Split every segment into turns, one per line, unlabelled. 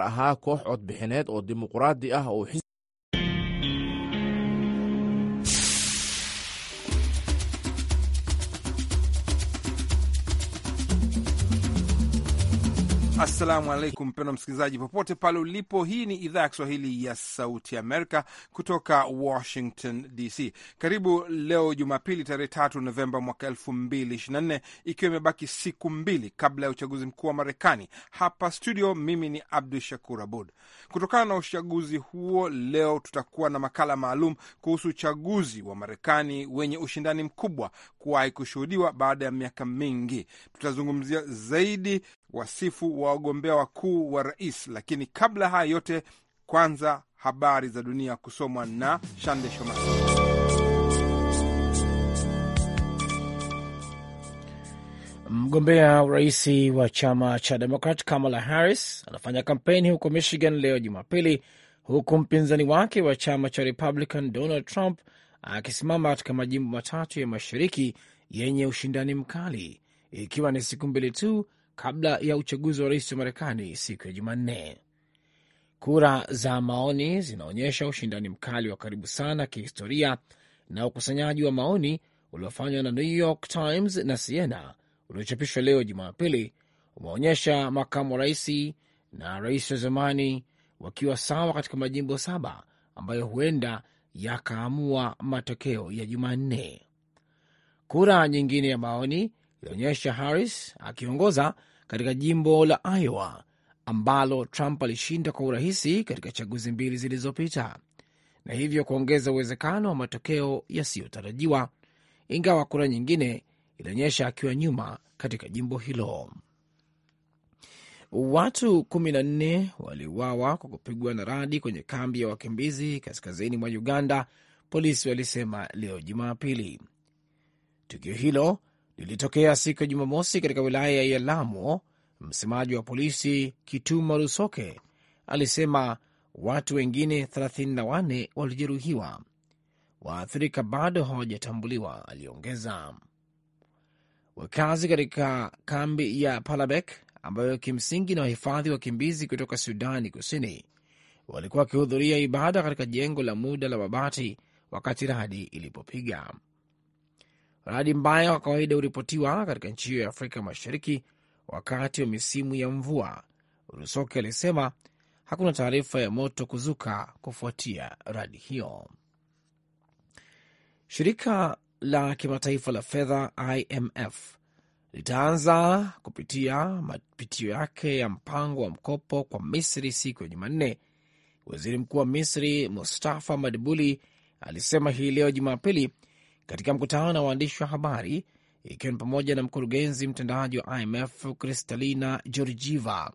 ahaa koox codbixineed oo dimuqraadi ah oo
Assalamu alaikum, mpendwa msikilizaji, popote pale ulipo. Hii ni idhaa ya Kiswahili ya Sauti Amerika kutoka Washington DC. Karibu leo Jumapili, tarehe tatu Novemba mwaka elfu mbili ishirini na nne, ikiwa imebaki siku mbili kabla ya uchaguzi mkuu wa Marekani. Hapa studio, mimi ni Abdu Shakur Abud. Kutokana na uchaguzi huo, leo tutakuwa na makala maalum kuhusu uchaguzi wa Marekani wenye ushindani mkubwa kuwahi kushuhudiwa baada ya miaka mingi. Tutazungumzia zaidi wasifu wa wagombea wakuu wa rais. Lakini kabla haya yote, kwanza habari za dunia kusomwa na Shande Shomasi.
Mgombea urais wa chama cha Demokrat Kamala Harris anafanya kampeni huko Michigan leo Jumapili, huku mpinzani wake wa chama cha Republican Donald Trump akisimama katika majimbo matatu ya mashariki yenye ushindani mkali, ikiwa ni siku mbili tu kabla ya uchaguzi wa rais wa Marekani siku ya Jumanne. Kura za maoni zinaonyesha ushindani mkali wa karibu sana kihistoria, na ukusanyaji wa maoni uliofanywa na New York Times na Siena uliochapishwa leo Jumapili umeonyesha makamu wa rais na rais wa zamani wakiwa sawa katika majimbo saba ambayo huenda yakaamua matokeo ya Jumanne. Kura nyingine ya maoni ilionyesha Harris akiongoza katika jimbo la Iowa ambalo Trump alishinda kwa urahisi katika chaguzi mbili zilizopita na hivyo kuongeza uwezekano wa matokeo yasiyotarajiwa, ingawa kura nyingine ilionyesha akiwa nyuma katika jimbo hilo. Watu kumi na nne waliuawa kwa kupigwa na radi kwenye kambi ya wakimbizi kaskazini mwa Uganda, polisi walisema leo Jumapili. Tukio hilo lilitokea siku ya Jumamosi katika wilaya ya Lamo. Msemaji wa polisi Kituma Rusoke alisema watu wengine 34 walijeruhiwa. Waathirika bado hawajatambuliwa, aliongeza. Wakazi katika kambi ya Palabek ambayo kimsingi na wahifadhi wakimbizi kutoka Sudani Kusini walikuwa wakihudhuria ibada katika jengo la muda la mabati wakati radi ilipopiga. Radi mbaya wa kawaida huripotiwa katika nchi hiyo ya Afrika Mashariki wakati wa misimu ya mvua. Rusoke alisema hakuna taarifa ya moto kuzuka kufuatia radi hiyo. Shirika la kimataifa la fedha IMF litaanza kupitia mapitio yake ya mpango wa mkopo kwa Misri siku ya Jumanne. Waziri Mkuu wa Misri Mustafa Madbuli alisema hii leo Jumapili katika mkutano na waandishi wa habari, ikiwa ni pamoja na mkurugenzi mtendaji wa IMF Kristalina Georgieva.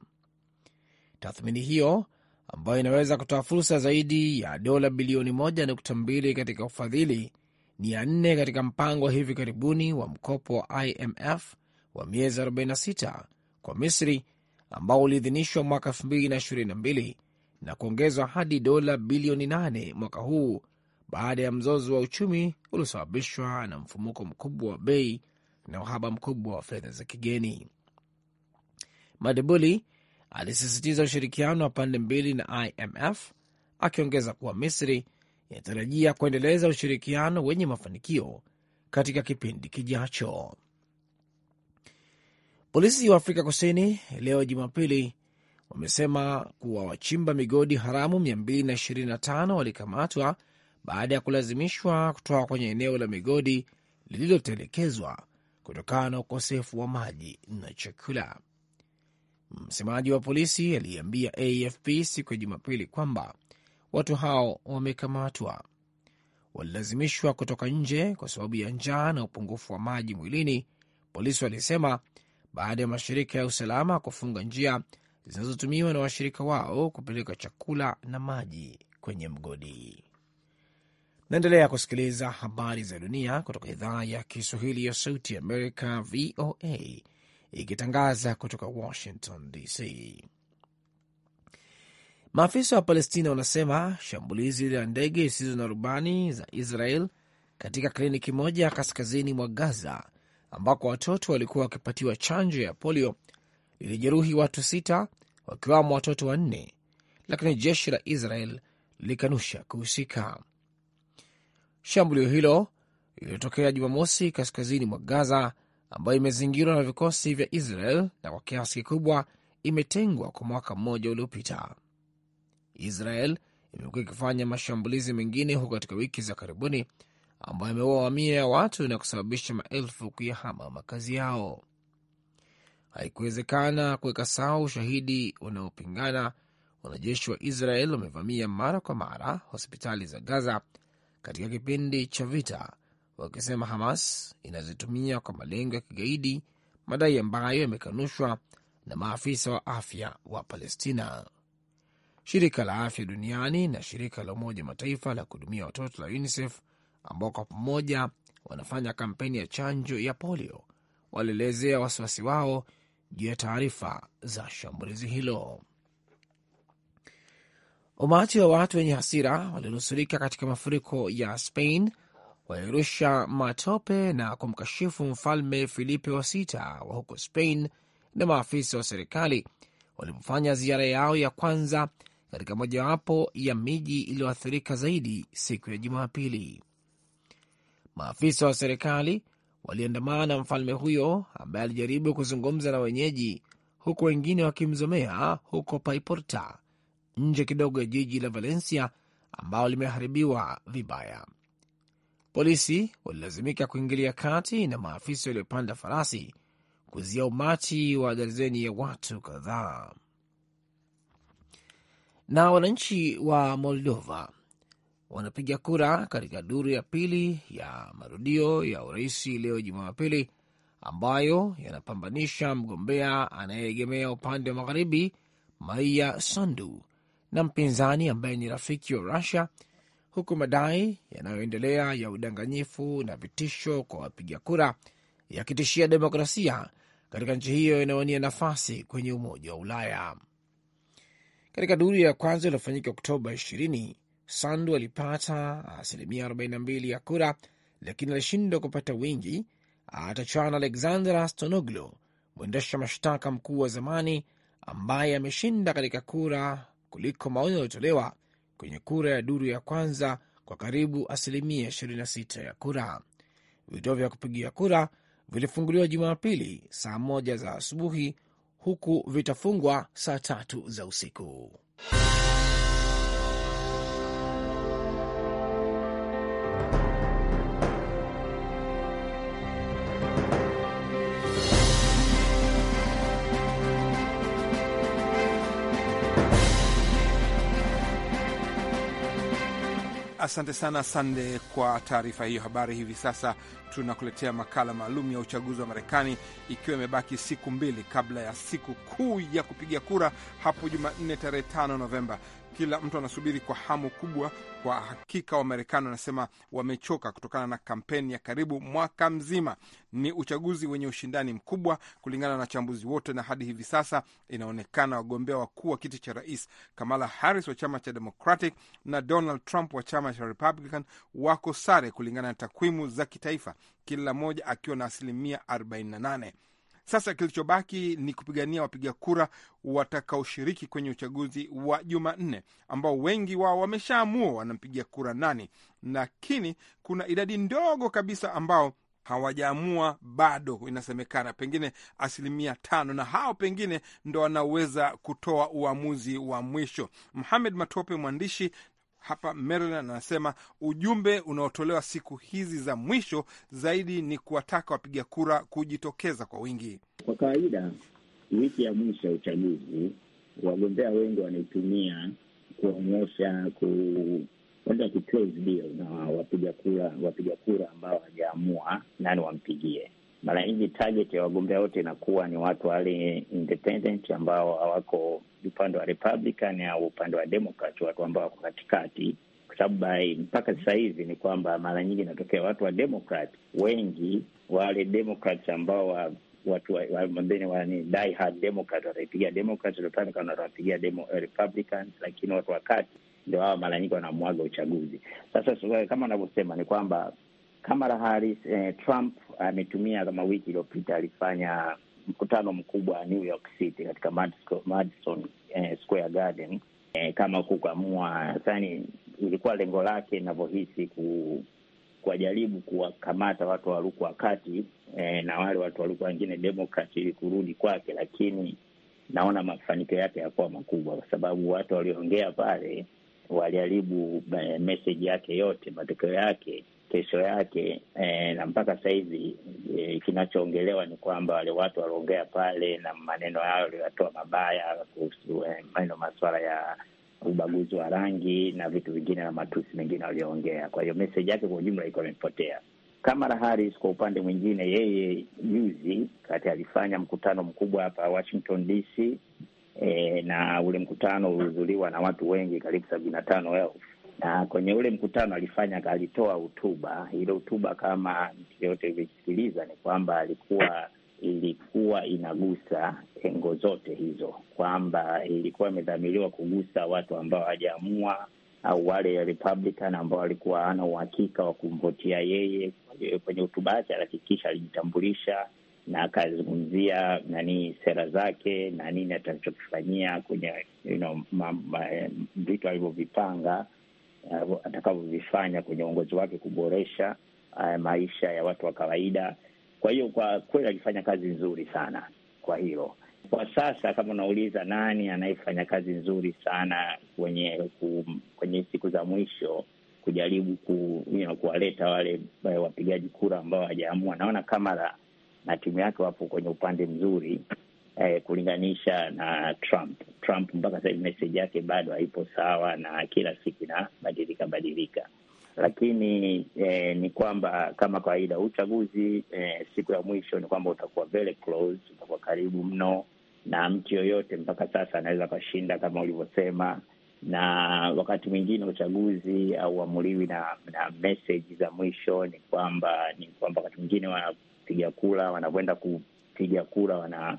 Tathmini hiyo ambayo inaweza kutoa fursa zaidi ya dola bilioni 1.2 katika ufadhili ni ya nne katika mpango wa hivi karibuni wa mkopo wa IMF wa miezi 46 kwa Misri ambao uliidhinishwa mwaka 2022 na kuongezwa hadi dola bilioni 8 mwaka huu baada ya mzozo wa uchumi uliosababishwa na mfumuko mkubwa wa bei na uhaba mkubwa wa fedha za kigeni. Madibuli alisisitiza ushirikiano wa pande mbili na IMF akiongeza kuwa Misri inatarajia kuendeleza ushirikiano wenye mafanikio katika kipindi kijacho. Polisi wa Afrika Kusini leo Jumapili wamesema kuwa wachimba migodi haramu 225 walikamatwa baada ya kulazimishwa kutoka kwenye eneo la migodi lililotelekezwa kutokana na ukosefu wa maji na chakula. Msemaji wa polisi aliyeambia AFP siku ya Jumapili kwamba watu hao wamekamatwa, walilazimishwa kutoka nje kwa sababu ya njaa na upungufu wa maji mwilini, polisi walisema, baada ya mashirika ya usalama kufunga njia zinazotumiwa na washirika wao kupeleka chakula na maji kwenye mgodi. Naendelea kusikiliza habari za dunia kutoka idhaa ya Kiswahili ya Sauti ya Amerika, VOA, ikitangaza kutoka Washington DC. Maafisa wa Palestina wanasema shambulizi la ndege zisizo na rubani za Israel katika kliniki moja kaskazini mwa Gaza ambako watoto walikuwa wakipatiwa chanjo ya polio lilijeruhi watu sita, wakiwamo watoto wanne, lakini jeshi la Israel lilikanusha kuhusika. Shambulio hilo lililotokea Jumamosi kaskazini mwa Gaza, ambayo imezingirwa na vikosi vya Israel na kwa kiasi kikubwa imetengwa kwa mwaka mmoja uliopita. Israel imekuwa ikifanya mashambulizi mengine huko katika wiki za karibuni ambayo imeua mamia ya watu na kusababisha maelfu kuyahama makazi yao. Haikuwezekana kuweka sawa ushahidi unaopingana. Wanajeshi wa Israel wamevamia mara kwa mara hospitali za Gaza katika kipindi cha vita, wakisema Hamas inazitumia kwa malengo ya kigaidi, madai ambayo yamekanushwa na maafisa wa afya wa Palestina. Shirika la Afya Duniani na shirika la Umoja Mataifa la kuhudumia watoto la UNICEF ambao kwa pamoja wanafanya kampeni ya chanjo ya polio walielezea wasiwasi wao juu ya taarifa za shambulizi hilo. Umati wa watu wenye hasira walionusurika katika mafuriko ya Spain walirusha matope na kumkashifu mfalme Filipe wa sita wa huko Spain na maafisa wa serikali walipofanya ziara yao ya kwanza katika mojawapo ya miji iliyoathirika zaidi siku ya Jumapili. Maafisa wa serikali waliandamana na mfalme huyo ambaye alijaribu kuzungumza na wenyeji, huku wengine wakimzomea huko Paiporta, nje kidogo ya jiji la Valencia ambalo limeharibiwa vibaya. Polisi walilazimika kuingilia kati na maafisa waliopanda farasi kuzia umati wa darzeni ya watu kadhaa. Na wananchi wa Moldova wanapiga kura katika duru ya pili ya marudio ya uraisi leo Jumapili, ambayo yanapambanisha mgombea anayeegemea upande wa magharibi Maia Sandu na mpinzani ambaye ni rafiki wa Rusia, huku madai yanayoendelea ya udanganyifu na vitisho kwa wapiga kura yakitishia demokrasia katika nchi hiyo inayowania nafasi kwenye Umoja wa Ulaya. Katika duru ya kwanza iliyofanyika Oktoba 20 Sandu alipata asilimia 42 ya kura, lakini alishindwa kupata wingi. atachana na Alexandra Stonoglo, mwendesha mashtaka mkuu wa zamani ambaye ameshinda katika kura kuliko maoni yaliyotolewa kwenye kura ya duru ya kwanza kwa karibu asilimia 26 ya kura. Vituo vya kupigia kura vilifunguliwa Jumapili saa moja za asubuhi huku vitafungwa saa tatu za usiku.
Asante sana Sande kwa taarifa hiyo. Habari hivi sasa tunakuletea makala maalum ya uchaguzi wa Marekani, ikiwa imebaki siku mbili kabla ya siku kuu ya kupiga kura hapo Jumanne tarehe 5 Novemba. Kila mtu anasubiri kwa hamu kubwa. Kwa hakika, Wamarekani wanasema wamechoka kutokana na kampeni ya karibu mwaka mzima. Ni uchaguzi wenye ushindani mkubwa kulingana na wachambuzi wote, na hadi hivi sasa inaonekana wagombea wakuu wa kiti cha rais Kamala Harris wa chama cha Democratic na Donald Trump wa chama cha Republican wako sare kulingana na takwimu za kitaifa, kila mmoja akiwa na asilimia 48. Sasa kilichobaki ni kupigania wapiga kura watakaoshiriki kwenye uchaguzi wa Jumanne, ambao wengi wao wameshaamua wanampigia kura nani, lakini kuna idadi ndogo kabisa ambao hawajaamua bado. Inasemekana pengine asilimia tano, na hao pengine ndo wanaweza kutoa uamuzi wa mwisho. Muhamed Matope, mwandishi hapa Maryland anasema ujumbe unaotolewa siku hizi za mwisho zaidi ni kuwataka wapiga kura kujitokeza kwa wingi.
Kwa kawaida, wiki ya mwisho ya uchaguzi wagombea wengi wanaitumia kuonyesha kuenda ku close deal na wapiga kura, wapiga kura ambao hawajaamua nani wampigie. Mara nyingi target ya wagombea wote inakuwa ni watu wale independent ambao hawako upande wa Republican au upande wa Democrat, watu ambao wako katikati, kwa sababu mpaka sasa hivi ni kwamba mara nyingi inatokea watu wa Democrat wengi, wale Democrats ambao wa watu wa ni die hard Democrat, wataipigia Democrat, Republican watawapigia eh, Republican, lakini watu wakati ndo ndio hawa mara nyingi wanamwaga uchaguzi. Sasa kama anavyosema ni kwamba Kamala Harris eh, Trump ametumia kama wiki iliyopita alifanya mkutano mkubwa New York City katika Madison, eh, Square Garden eh, kama kukamua sani, ilikuwa lengo lake inavyohisi ku kuwajaribu kuwakamata watu waluku wakati eh, na wale watu waluku wengine Demokrat ili kurudi kwake, lakini naona mafanikio yake yakuwa makubwa, kwa sababu watu walioongea pale waliharibu eh, meseji yake yote. Matokeo yake kesho yake e, na mpaka sahizi e, eh, kinachoongelewa ni kwamba wale watu waliongea pale na maneno hayo waliyatoa mabaya kuhusu e, maneno masuala ya ubaguzi wa rangi na vitu vingine na matusi mengine walioongea. Kwa hiyo meseji yake kwa ujumla iko imepotea. Kamala Harris kwa upande mwingine, yeye juzi kati alifanya mkutano mkubwa hapa Washington DC e, na ule mkutano ulihudhuriwa na watu wengi karibu sabini na tano elfu na kwenye ule mkutano alifanya alitoa hotuba. Ile hotuba kama nchi yote ilivyosikiliza, ni kwamba alikuwa ilikuwa inagusa tengo zote hizo, kwamba ilikuwa imedhamiriwa kugusa watu ambao hawajaamua au wale Republican ambao walikuwa ana uhakika wa kumvotia yeye. Kwenye hotuba yake alihakikisha alijitambulisha na akazungumzia nani sera zake na nini atakachokifanyia kwenye you know, vitu alivyovipanga uh, atakavyovifanya kwenye uongozi wake kuboresha uh, maisha ya watu wa kawaida. Kwa hiyo kwa kweli alifanya kazi nzuri sana kwa hilo. Kwa sasa kama unauliza nani anayefanya kazi nzuri sana kwenye kum, kwenye siku za mwisho kujaribu ku, you know, kuwaleta wale eh, wapigaji kura ambao hawajaamua, naona Kamala na timu yake wapo kwenye upande mzuri eh, kulinganisha na Trump. Trump mpaka sahivi meseji yake bado haipo sawa na kila siku inabadilika badilika, lakini eh, ni kwamba kama kawaida uchaguzi eh, siku ya mwisho ni kwamba utakuwa very close, utakuwa karibu mno, na mtu yoyote mpaka sasa anaweza akashinda kama ulivyosema na wakati mwingine uchaguzi hauamuliwi na na meseji za mwisho. Ni kwamba ni kwamba wakati mwingine wanapiga kura, wanakwenda kupiga kura, wana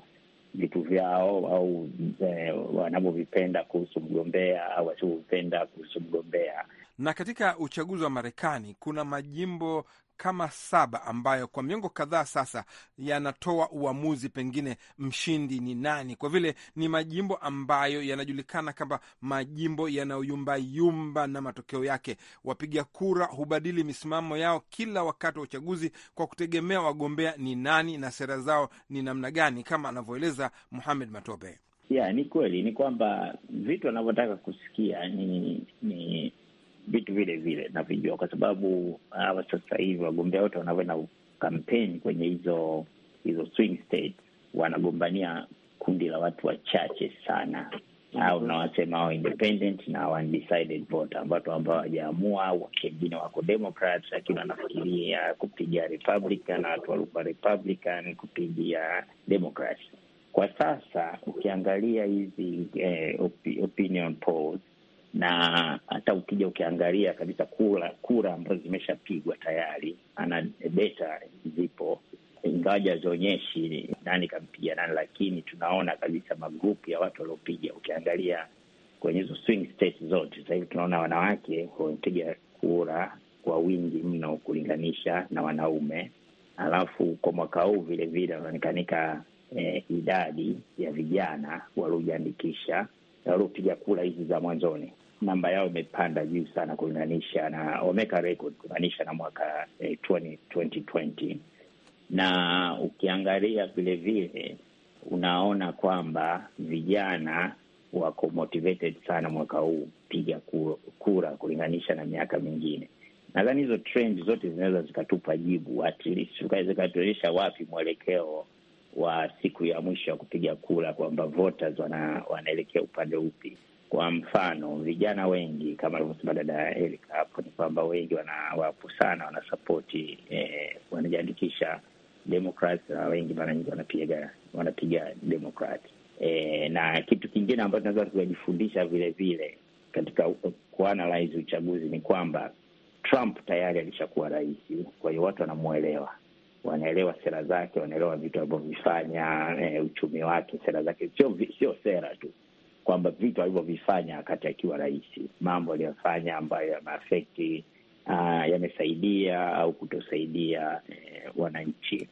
vitu vyao au eh, wanavyovipenda kuhusu mgombea au wasivyovipenda kuhusu mgombea.
Na katika uchaguzi wa Marekani kuna majimbo kama saba ambayo kwa miongo kadhaa sasa yanatoa uamuzi pengine mshindi ni nani, kwa vile ni majimbo ambayo yanajulikana kama majimbo yanayoyumbayumba na matokeo yake. Wapiga kura hubadili misimamo yao kila wakati wa uchaguzi kwa kutegemea wagombea ni nani na sera zao ni namna gani, kama anavyoeleza Muhamed Matope.
Yeah, ni kweli ni kwamba vitu wanavyotaka kusikia ni ni vitu vile vile navijua, kwa sababu ah, hawa sasa hivi wagombea wote wanavyoenda kampeni kwenye hizo hizo swing wanagombania kundi la watu wachache sana, au nawasema hao independent na undecided voter, watu ambao hawajaamua au wengine wako Democrat lakini wanafikiria kupigia Republican na watu walikuwa Republican kupigia Democrat. Kwa sasa ukiangalia hizi eh, opinion polls na hata ukija ukiangalia kabisa kura kura ambazo zimeshapigwa tayari, ana beta zipo, ingawaja zionyeshi nani kampiga nani, lakini tunaona kabisa magrupu ya watu waliopiga. Ukiangalia kwenye hizo swing states zote, sasa hivi tunaona wanawake wamepiga kura kwa wingi mno kulinganisha na wanaume. Alafu kwa mwaka huu vilevile unaonekanika eh, idadi ya vijana waliojiandikisha waliopiga kura hizi za mwanzoni namba yao imepanda juu sana kulinganisha na wameweka record kulinganisha na mwaka eh, 20, 2020 na ukiangalia vilevile unaona kwamba vijana wako motivated sana mwaka huu piga kura, kulinganisha na miaka mingine. Nadhani hizo trend zote zinaweza zikatupa jibu, at least zikatuonyesha wapi mwelekeo wa siku ya mwisho ya kupiga kura kwamba voters wana, wanaelekea upande upi. Kwa mfano vijana wengi kama alivyosema dada Erika hapo ni kwamba wengi wana, wapo sana wanasapoti eh, wanajiandikisha Democrats na wengi mara nyingi wanapiga wanapiga Democrat. E, eh, na kitu kingine ambacho tunaweza tukajifundisha vile vile katika kuanalyze uchaguzi ni kwamba Trump tayari alishakuwa rais, kwa hiyo watu wanamwelewa wanaelewa sera zake, wanaelewa vitu alivyovifanya, e, uchumi wake, sera zake, sio sio sera tu kwamba vitu alivyovifanya wakati akiwa rais, mambo aliyofanya ambayo yameafekti ah, yamesaidia au kutosaidia e, wananchi.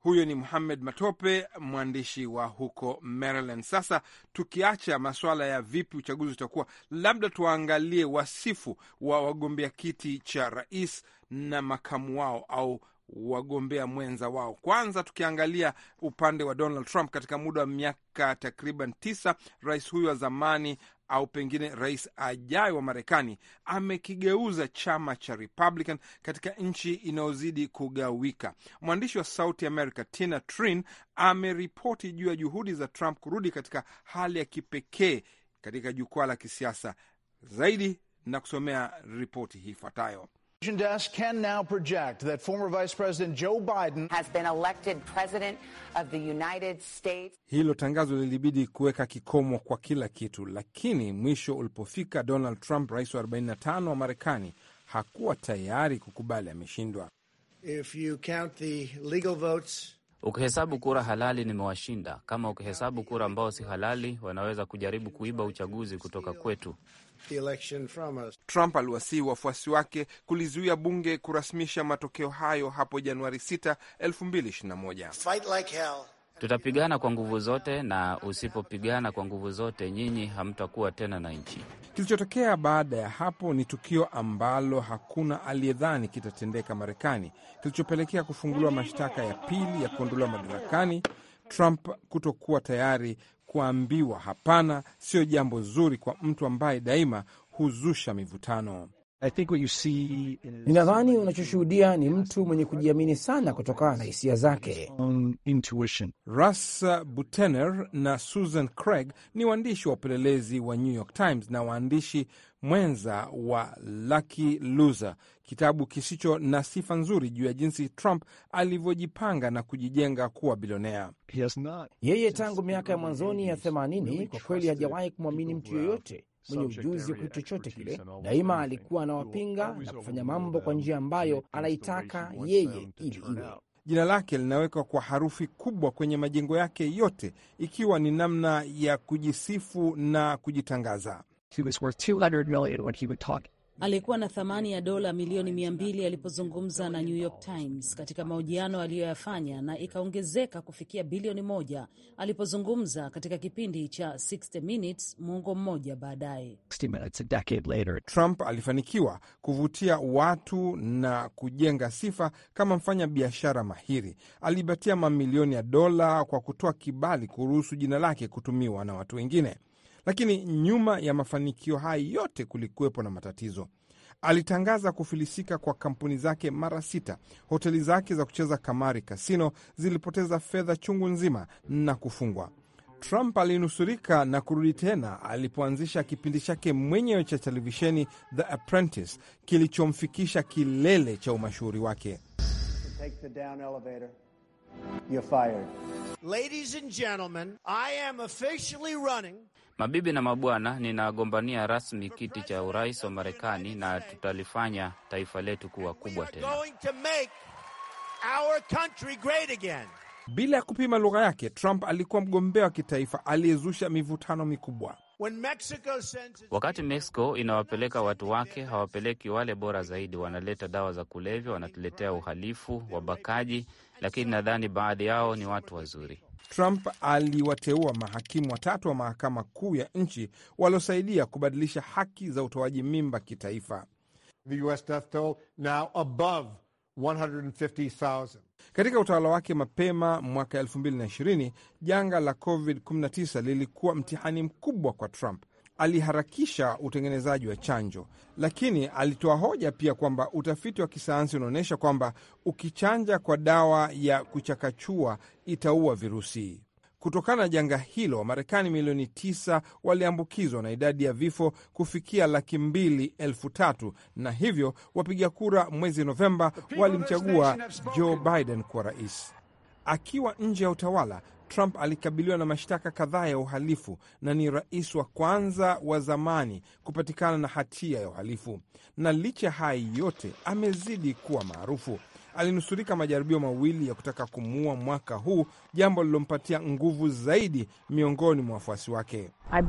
Huyo ni Muhamed Matope, mwandishi wa huko Maryland. Sasa tukiacha masuala ya vipi uchaguzi utakuwa, labda tuwaangalie wasifu wa wagombea kiti cha rais na makamu wao au wagombea mwenza wao. Kwanza tukiangalia upande wa Donald Trump, katika muda wa miaka takriban tisa, rais huyu wa zamani au pengine rais ajayo wa Marekani amekigeuza chama cha Republican katika nchi inayozidi kugawika. Mwandishi wa Sauti America Tina Trin ameripoti juu ya juhudi za Trump kurudi katika hali ya kipekee katika jukwaa la kisiasa zaidi na kusomea ripoti hii ifuatayo. Desk can now
project that former Vice President Joe Biden has been elected president of the United
States.
Hilo tangazo lilibidi kuweka kikomo kwa kila kitu, lakini mwisho ulipofika, Donald Trump, rais wa 45 wa Marekani, hakuwa tayari kukubali ameshindwa.
If you count the legal votes
Ukihesabu kura halali nimewashinda. Kama ukihesabu kura ambao si halali, wanaweza kujaribu kuiba uchaguzi kutoka kwetu. Trump aliwasihi wafuasi wake kulizuia bunge kurasmisha matokeo hayo hapo Januari 6, 2021. Tutapigana kwa nguvu zote, na usipopigana kwa nguvu zote, nyinyi hamtakuwa tena na nchi. Kilichotokea baada ya hapo ni tukio ambalo hakuna aliyedhani kitatendeka Marekani, kilichopelekea kufunguliwa mashtaka ya pili ya kuondolewa madarakani, Trump kutokuwa tayari kuambiwa hapana sio jambo zuri kwa mtu ambaye daima huzusha mivutano.
Ninadhani unachoshuhudia ni mtu mwenye kujiamini sana kutokana na hisia zake.
Russ Butener na Susan Craig ni waandishi wa upelelezi wa New York Times na waandishi mwenza wa Lucky Loser, kitabu kisicho na sifa nzuri juu ya jinsi Trump alivyojipanga na kujijenga kuwa bilionea. Yeye tangu miaka ya mwanzoni ya themanini, kwa kweli hajawahi kumwamini mtu yoyote mwenye
ujuzi kutu chochote kile, daima alikuwa anawapinga na kufanya mambo kwa njia ambayo anaitaka yeye ili iwe.
Jina lake linawekwa kwa harufi kubwa kwenye majengo yake yote, ikiwa ni namna ya kujisifu na kujitangaza. He was worth 200 million when he would talk
alikuwa na thamani ya dola milioni mia mbili alipozungumza na New York Times katika mahojiano aliyoyafanya na ikaongezeka kufikia bilioni moja alipozungumza katika kipindi cha 60 Minutes mwongo mmoja baadaye.
Trump alifanikiwa kuvutia watu na kujenga sifa kama mfanya biashara mahiri. Alipatia mamilioni ya dola kwa kutoa kibali kuruhusu jina lake kutumiwa na watu wengine. Lakini nyuma ya mafanikio haya yote kulikuwepo na matatizo. Alitangaza kufilisika kwa kampuni zake mara sita. Hoteli zake za kucheza kamari kasino zilipoteza fedha chungu nzima na kufungwa. Trump alinusurika na kurudi tena alipoanzisha kipindi chake mwenyewe cha televisheni The Apprentice kilichomfikisha kilele cha umashuhuri wake.
Mabibi na mabwana, ninagombania rasmi kiti cha urais wa Marekani na tutalifanya taifa letu kuwa kubwa tena.
Bila ya kupima lugha yake, Trump alikuwa mgombea wa kitaifa aliyezusha mivutano mikubwa. Wakati
Mexico inawapeleka watu wake, hawapeleki wale bora zaidi, wanaleta dawa za kulevya, wanatuletea uhalifu, wabakaji, lakini nadhani baadhi yao ni watu wazuri.
Trump aliwateua mahakimu watatu wa mahakama kuu ya nchi waliosaidia kubadilisha haki za utoaji mimba kitaifa. The US death toll now above 150,000. Katika utawala wake mapema mwaka 2020, janga la COVID-19 lilikuwa mtihani mkubwa kwa Trump aliharakisha utengenezaji wa chanjo, lakini alitoa hoja pia kwamba utafiti wa kisayansi unaonyesha kwamba ukichanja kwa dawa ya kuchakachua itaua virusi. Kutokana na janga hilo, Wamarekani milioni tisa waliambukizwa na idadi ya vifo kufikia laki mbili elfu tatu na hivyo wapiga kura mwezi Novemba walimchagua Joe Biden kuwa rais. Akiwa nje ya utawala, Trump alikabiliwa na mashtaka kadhaa ya uhalifu na ni rais wa kwanza wa zamani kupatikana na hatia ya uhalifu, na licha ya haya yote amezidi kuwa maarufu. Alinusurika majaribio mawili ya kutaka kumuua mwaka huu, jambo lilompatia nguvu zaidi miongoni mwa wafuasi wake.
I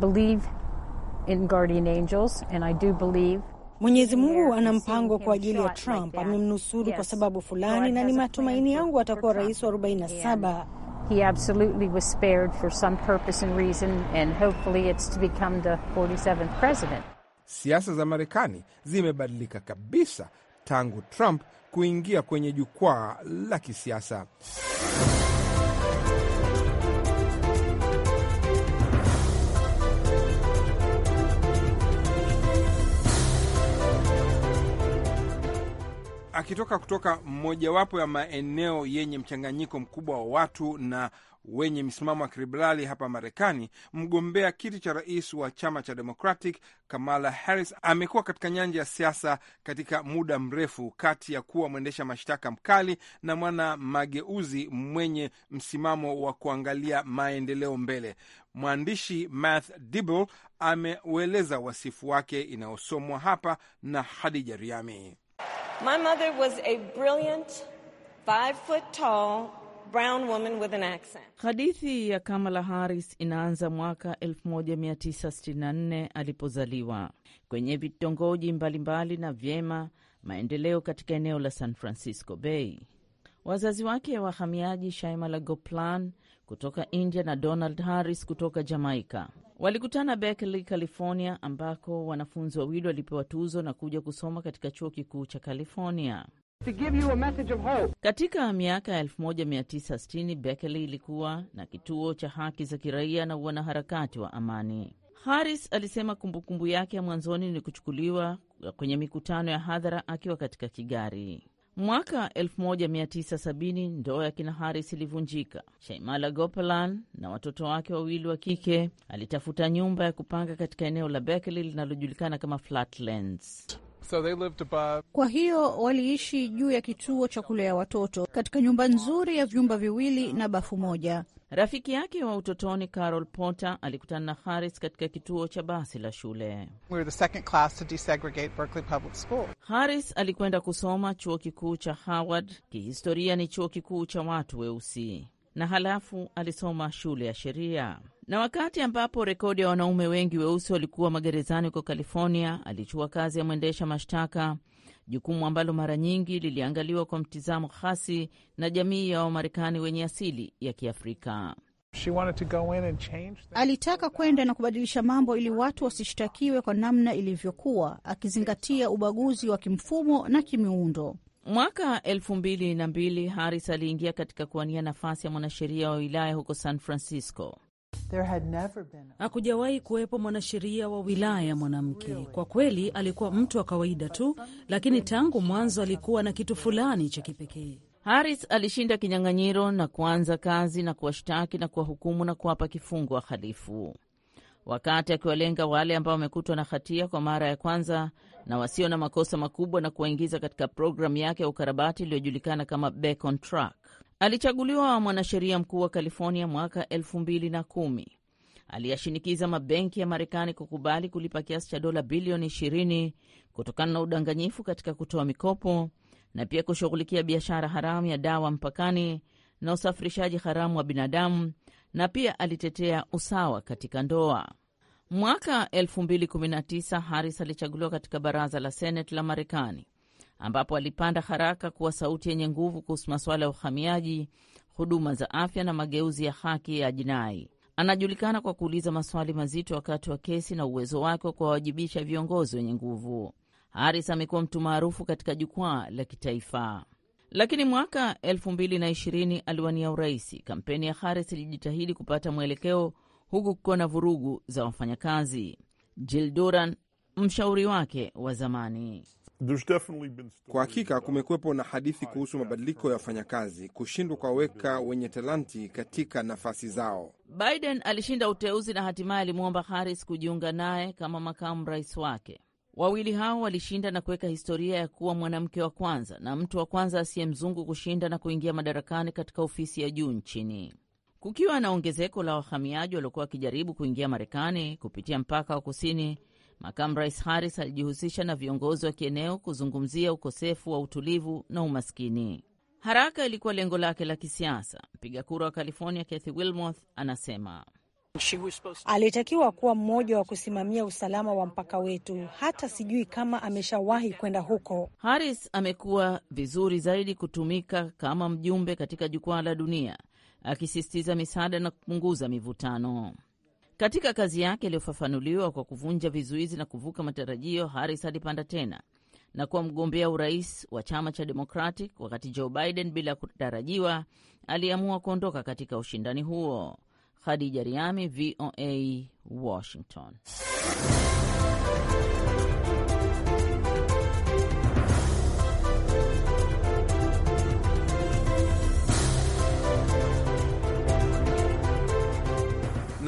Mwenyezi Mungu ana mpango kwa ajili ya Trump. Amemnusuru kwa sababu fulani, na ni matumaini yangu atakuwa rais wa 47 he absolutely was spared for some purpose and reason, and hopefully it's to become the 47th president.
Siasa za Marekani zimebadilika kabisa tangu Trump kuingia kwenye jukwaa la kisiasa. akitoka kutoka mojawapo ya maeneo yenye mchanganyiko mkubwa wa watu na wenye msimamo wa kiliberali hapa Marekani, mgombea kiti cha rais wa chama cha Democratic Kamala Harris amekuwa katika nyanja ya siasa katika muda mrefu, kati ya kuwa mwendesha mashtaka mkali na mwana mageuzi mwenye msimamo wa kuangalia maendeleo mbele. Mwandishi Math Dibble ameueleza wasifu wake, inayosomwa hapa na Hadija Riami.
My mother was a brilliant, five foot tall, brown woman with an accent.
Hadithi
ya Kamala Harris inaanza mwaka 1964 alipozaliwa kwenye vitongoji mbalimbali na vyema maendeleo katika eneo la San Francisco Bay. Wazazi wake wahamiaji Shaimala Goplan kutoka India na Donald Harris kutoka Jamaika. Walikutana Berkeley, California, ambako wanafunzi wawili walipewa tuzo na kuja kusoma katika chuo kikuu cha California. To give you a message of hope. Katika miaka ya 1960 Berkeley ilikuwa na kituo cha haki za kiraia na wanaharakati wa amani. Harris alisema kumbukumbu yake ya mwanzoni ni kuchukuliwa kwenye mikutano ya hadhara akiwa katika kigari. Mwaka 1970 ndoa ya kina Haris ilivunjika. Shaimala Gopalan na watoto wake wawili wa kike alitafuta nyumba ya kupanga katika eneo la Berkeley linalojulikana kama Flatlands. So they lived above. Kwa hiyo waliishi juu ya kituo cha kulea watoto katika nyumba nzuri ya vyumba viwili na bafu moja. Rafiki yake wa utotoni Carol Potter alikutana na Harris katika kituo cha basi la shule. We were
the second class to desegregate Berkeley Public School.
Harris alikwenda kusoma chuo kikuu cha Howard, kihistoria ni chuo kikuu cha watu weusi, na halafu alisoma shule ya sheria. Na wakati ambapo rekodi ya wanaume wengi weusi walikuwa magerezani huko California, alichukua kazi ya mwendesha mashtaka, jukumu ambalo mara nyingi liliangaliwa kwa mtizamo hasi na jamii ya Wamarekani wenye asili ya Kiafrika. Alitaka kwenda na kubadilisha mambo ili watu wasishtakiwe kwa namna ilivyokuwa, akizingatia ubaguzi wa kimfumo na kimiundo. Mwaka elfu mbili na mbili haris aliingia katika kuwania nafasi ya mwanasheria wa wilaya huko San Francisco. Hakujawahi kuwepo mwanasheria wa wilaya mwanamke. Kwa kweli, alikuwa mtu wa kawaida tu, lakini tangu mwanzo alikuwa na kitu fulani cha kipekee. Harris alishinda kinyang'anyiro na kuanza kazi na kuwashtaki na kuwahukumu na kuwapa kifungo wahalifu, wakati akiwalenga wale ambao wamekutwa na hatia kwa mara ya kwanza na wasio na makosa makubwa, na kuwaingiza katika programu yake ya ukarabati iliyojulikana kama Back on Track. Alichaguliwa mwanasheria mkuu wa California mwaka elfu mbili na kumi. Aliyashinikiza mabenki ya Marekani kukubali kulipa kiasi cha dola bilioni 20 kutokana na udanganyifu katika kutoa mikopo na pia kushughulikia biashara haramu ya dawa mpakani na usafirishaji haramu wa binadamu, na pia alitetea usawa katika ndoa. Mwaka 2019 Harris alichaguliwa katika baraza la Seneti la Marekani ambapo alipanda haraka kuwa sauti yenye nguvu kuhusu masuala ya uhamiaji, huduma za afya na mageuzi ya haki ya jinai. Anajulikana kwa kuuliza maswali mazito wakati wa kesi na uwezo wake wa kuwawajibisha viongozi wenye nguvu. Haris amekuwa mtu maarufu katika jukwaa la kitaifa, lakini mwaka 2020 aliwania uraisi. Kampeni ya Haris ilijitahidi kupata mwelekeo huku kukiwa na vurugu za wafanyakazi. Jil Duran, mshauri wake wa zamani
kwa hakika kumekuwepo na hadithi kuhusu mabadiliko ya wafanyakazi kushindwa weka wenye talanti katika nafasi zao.
Biden alishinda uteuzi na hatimaye alimwomba Harris kujiunga naye kama makamu rais wake. Wawili hao walishinda na kuweka historia ya kuwa mwanamke wa kwanza na mtu wa kwanza asiye mzungu kushinda na kuingia madarakani katika ofisi ya juu nchini. Kukiwa na ongezeko la wahamiaji waliokuwa wakijaribu kuingia Marekani kupitia mpaka wa kusini Makamu Rais Harris alijihusisha na viongozi wa kieneo kuzungumzia ukosefu wa utulivu na umaskini. Haraka ilikuwa lengo lake la kisiasa. Mpiga kura wa California Kathy Wilmoth anasema alitakiwa kuwa mmoja wa kusimamia usalama wa mpaka wetu. Hata sijui kama ameshawahi kwenda huko. Harris amekuwa vizuri zaidi kutumika kama mjumbe katika jukwaa la dunia, akisisitiza misaada na kupunguza mivutano. Katika kazi yake iliyofafanuliwa kwa kuvunja vizuizi na kuvuka matarajio, Harris alipanda tena na kuwa mgombea urais wa chama cha Democratic wakati Joe Biden bila kutarajiwa aliamua kuondoka katika ushindani huo. Khadija Riami, VOA, Washington.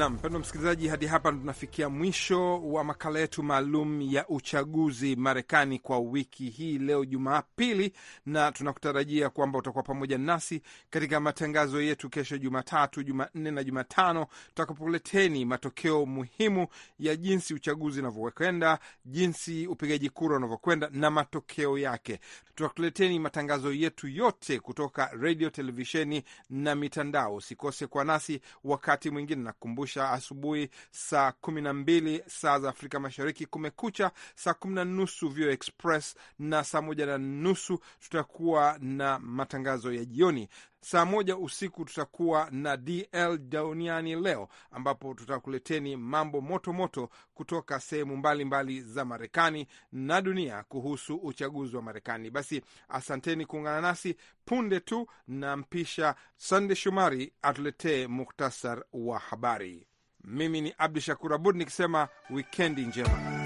Nam mpendwa msikilizaji, hadi hapa tunafikia mwisho wa makala yetu maalum ya uchaguzi Marekani kwa wiki hii leo Jumapili, na tunakutarajia kwamba utakuwa pamoja nasi katika matangazo yetu kesho Jumatatu, Jumanne na Jumatano tutakapoleteni matokeo muhimu ya jinsi uchaguzi unavyokwenda, jinsi upigaji kura unavyokwenda na matokeo yake. Tutakuleteni matangazo yetu yote kutoka redio, televisheni na mitandao. Usikose kwa nasi wakati mwingine na kumbusha Kumekucha asubuhi saa kumi na mbili saa za Afrika Mashariki, Kumekucha saa kumi na nusu Vio Express, na saa moja na nusu tutakuwa na matangazo ya jioni. Saa moja usiku tutakuwa na DL duniani leo, ambapo tutakuleteni mambo moto moto kutoka sehemu mbalimbali za Marekani na dunia kuhusu uchaguzi wa Marekani. Basi asanteni kuungana nasi. Punde tu na mpisha Sande Shumari atuletee muktasar wa habari. Mimi ni Abdu Shakur Abud nikisema wikendi njema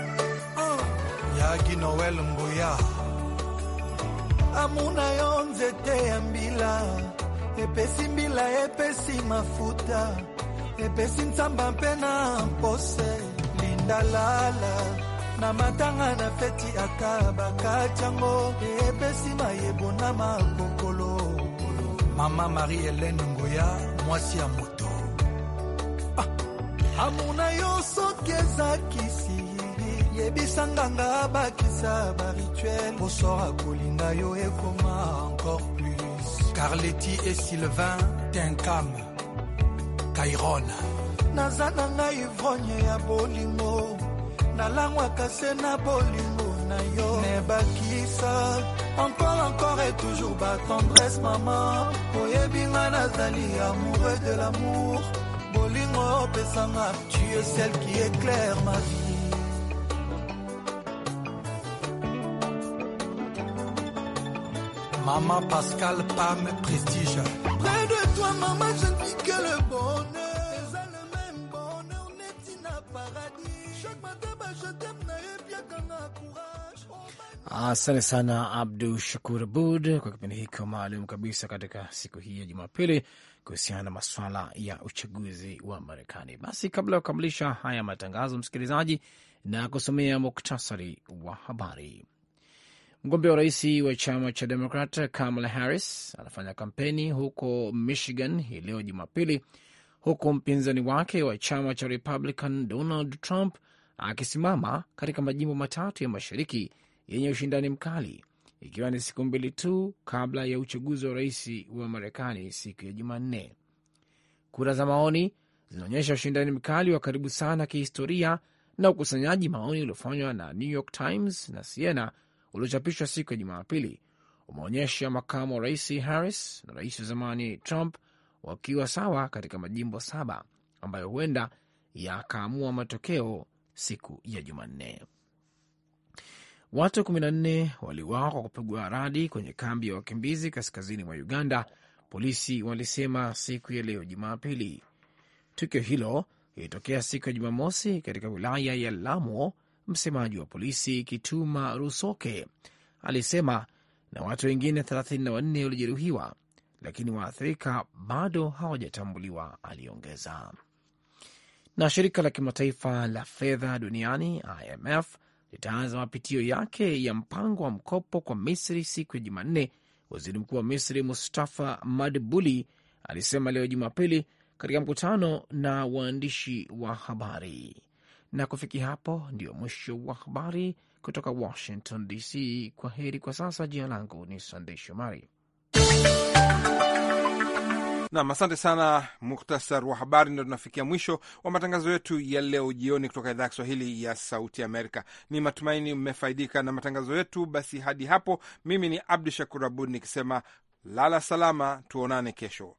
oh, Noel
amuna yonze epesi mbila epesi mafuta epesi ntsamba mpe na mpose lindalala na matanga na feti ata bakatiango epesi mayebo na makokolo mama marie helene ngoya mwasi ya moto ah. amuna yo soki eza kisi yebisa nganga bakisa barituel bosora kolinga yo ekoma encore plus Carletti et sylvain tinkam kairon Nazana na ngai ya bolingo nalangwaka kase na bolingo na yo nebakisa encore encore et toujours tendresse mama Oye nga nazali amoureux de l'amour bolingo pesanga, tu es celle qui éclaire ma vie Maman Pascal Pam Prestige. Près de toi, maman, je ne dis que le bonheur.
Eza le même bonheur, on est netina paradis. Chaque matin,
bah, je t'aime, nae, bien qu'un courage. Oh, ah, asante sana Abdu Shakur Abud kwa kipindi hiko maalum kabisa katika siku hii ya Jumapili kuhusiana na maswala ya uchaguzi wa Marekani. Basi kabla ya kukamilisha haya matangazo, msikilizaji, na kusomea muktasari wa habari. Mgombea wa rais wa chama cha Demokrat Kamala Harris anafanya kampeni huko Michigan hii leo Jumapili, huku mpinzani wake wa chama cha Republican Donald Trump akisimama katika majimbo matatu ya mashariki yenye ushindani mkali, ikiwa ni siku mbili tu kabla ya uchaguzi wa rais wa Marekani siku ya Jumanne. Kura za maoni zinaonyesha ushindani mkali wa karibu sana kihistoria, na ukusanyaji maoni uliofanywa na New York Times na Siena uliochapishwa siku ya Jumapili umeonyesha makamu wa rais Harris na rais wa zamani Trump wakiwa sawa katika majimbo saba ambayo huenda yakaamua matokeo siku ya Jumanne. Watu 14 waliuawa kwa kupigwa radi kwenye kambi ya wakimbizi kaskazini mwa Uganda, polisi walisema siku ya leo Jumapili. Tukio hilo lilitokea siku ya Jumamosi katika wilaya ya Lamo Msemaji wa polisi Kituma Rusoke alisema na watu wengine 34 walijeruhiwa, lakini waathirika bado hawajatambuliwa, aliongeza. Na shirika la kimataifa la fedha duniani IMF litaanza mapitio yake ya mpango wa mkopo kwa Misri siku ya Jumanne. Waziri mkuu wa Misri Mustafa Madbuli alisema leo Jumapili katika mkutano na waandishi wa habari. Na kufikia hapo ndio mwisho wa habari kutoka Washington DC. Kwa heri kwa sasa. Jina langu ni Sandei Shomari.
Nam, asante sana. Muktasar wa habari ndio tunafikia mwisho wa matangazo yetu ya leo jioni kutoka idhaa ya Kiswahili ya Sauti Amerika. Ni matumaini mmefaidika na matangazo yetu. Basi hadi hapo, mimi ni Abdu Shakur Abud nikisema lala salama, tuonane kesho.